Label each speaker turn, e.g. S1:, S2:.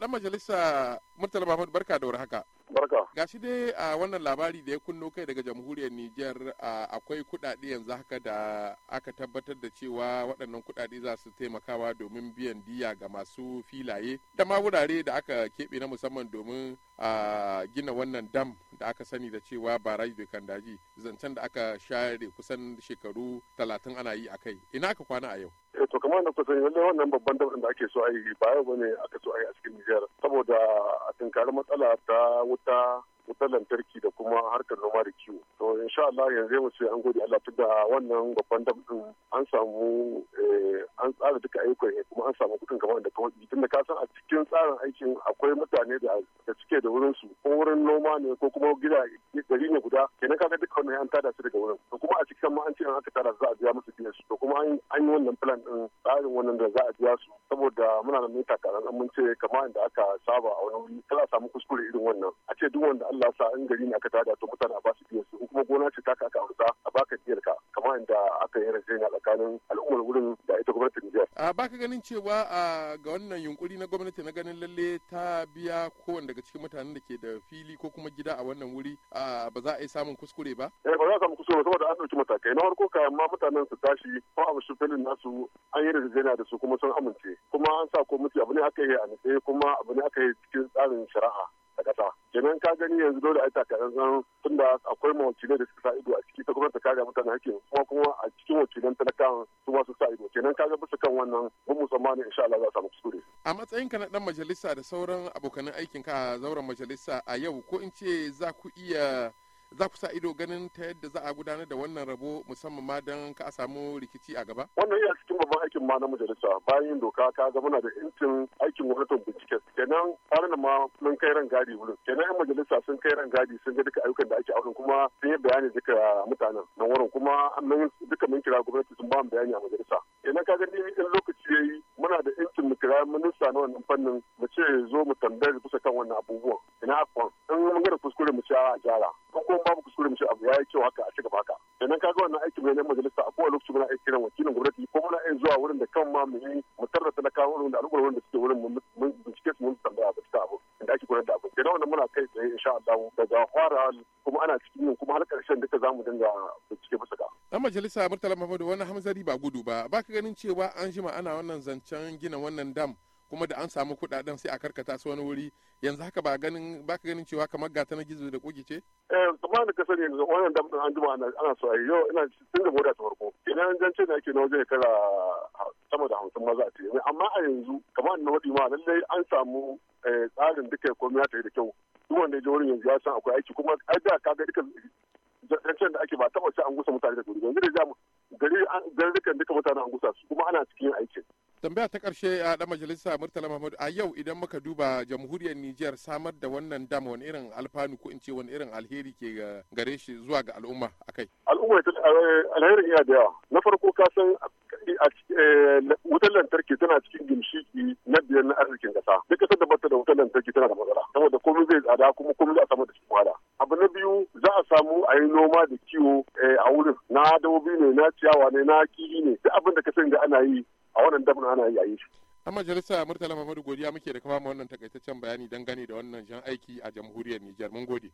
S1: dan majalisa Murtala Mahmud barka da warhaka. Barka. ga shi dai a wannan labari da ya kunno kai daga jamhuriyar Nijar akwai kudade yanzu haka da aka tabbatar da cewa waɗannan kudade za su taimakawa domin biyan diya ga masu filaye da ma wurare da aka keɓe na musamman domin gina wannan dam da aka sani da cewa bai kan daji zancen da aka share kusan shekaru talatin ana yi a kai ina aka kwana a yau
S2: eh to kamar na kusan yau wannan babban dabin da ake so a yi ba yau bane aka so a yi a cikin Nijar saboda a tunkari matsala ta wuta wutar lantarki da kuma harkar noma da kiwo to sha Allah yanzu mu ce an gode Allah da wannan babban dam din an samu eh, an tsara duka ayyukan kuma an samu kudin kamar da kawai tunda ka san a cikin tsarin aikin akwai mutane da suke da wurin su ko wurin noma ne ko kuma gida gari ne guda kenan kaga duka wannan an tada su daga wurin to kuma a cikin ma an ce an aka tada za a biya musu biyan su to kuma an yi wannan plan din tsarin wannan da za a biya su saboda muna da mita amince mun kamar da aka saba a wani wuri kala samu kuskure irin wannan a ce duk wanda Allah sa in gari na aka tada to mutane a ba su biyar su kuma gona ce ta aka a baka biyar ka kamar inda aka yi rajin tsakanin al'ummar wurin da ita gwamnatin Nijar.
S1: A baka ganin cewa a ga wannan yunkuri na gwamnati na ganin lalle ta biya kowanne daga cikin mutanen da ke da fili ko kuma gida a wannan wuri ba za a yi samun kuskure ba?
S2: Eh ba za a samu kuskure saboda an ɗauki matakai na farko kayan ma mutanen su tashi ko abu shi filin nasu an yi rajin da su kuma sun amince kuma an sa komiti abu ne aka yi a nitse kuma abu ne aka yi cikin tsarin shari'a. a kasa kenan ka gani yanzu dole a yi takarar tunda akwai mawakilai da suka sa ido a ciki ta gwamnati ta kare mutane hakkin kuma kuma a cikin wakilan talakawa su masu sa ido kenan ka ga bisa kan wannan mun mu insha Allah za a samu kuskure
S1: a matsayin ka na dan majalisa da sauran abokan aikin ka a zauren majalisa a yau ko in ce za ku iya za ku sa ido ganin ta yadda za a gudanar da wannan rabo musamman ma don ka a samu rikici a gaba?
S2: Wannan yana cikin babban aikin ma na majalisa bayan doka ka ga muna da intin aikin wadatar bincike kenan tsarin ma mun kai ran gadi wurin kenan yan majalisa sun kai ran gadi sun ga duka ayyukan da ake aure kuma sun yi bayani duka mutanen nan wurin kuma mun duka mun kira gwamnati sun ba mu bayani a majalisa kenan ka ga in lokaci yi muna da intin mu kira minista na wannan fannin mu ce zo mu tambaye bisa kan wannan abubuwan ina afon in mun ga kuskure mu ce a jara. kuskure mu abu ya yi kyau haka a ci baka idan ka ga wannan aikin na majalisa a kowane lokaci muna aiki kiran wakilin gwamnati ko muna iya zuwa wurin da kan ma mu yi mu tarra talakawa wurin da al'ummar wurin da suke wurin mun bincike su mun tambaya ba ta abu da ake gudanar da abu idan wannan muna kai tsaye insha Allah daga fara kuma ana cikin yin kuma har karshen duka zamu dinga bincike
S1: bisa ga dan majalisa Murtala Muhammadu wani Hamzari ba gudu ba baka ganin cewa an jima ana wannan zancen gina wannan dam kuma da an samu kuɗaɗen sai a karkata su wani wuri yanzu haka ba ganin ba ka ganin cewa kamar gata na gizo da kogi ce? eh kuma da kasar
S2: yanzu wannan da an jima ana so ayi yau ina tun da moda ta farko ina an jance da ake na waje kala sama da hamsin maza a teku amma a yanzu kamar na waɗi ma lallai an samu eh, tsarin duka ya komi ta yi da kyau duk wanda ya je wurin yanzu ya san akwai aiki kuma ai da ka ga duka jancen da ake ba taɓa sai an gusa mutane da wuri yanzu da gari an gari dukan duka mutane an
S1: gusa su kuma ana cikin aikin tambaya ta karshe a dan majalisa murtala mahmud a yau idan muka duba jamhuriyar niger samar da wannan dam wani irin alfanu ko in ce wani irin alheri ke gare shi zuwa ga al'umma akai
S2: al'umma eh, alheri iya da yawa na farko ka san eh, wutar lantarki tana cikin gimshiki na biyar na arzikin kasa duk kasar da bata da wutar lantarki tana da matsala saboda komai zai tsada kuma komai za a samu da shi wahala abu na biyu za a samu a yi noma da kiwo eh, a wurin na dabobi ne na ciyawa ne na kihi ne duk abin da ka sani da ana yi a wannan dabin ana yi a yi shi
S1: a majalisa murtala mamadu godiya muke da kama wannan takaitaccen bayani dangane da wannan jan aiki a jamhuriyar nijar mun gode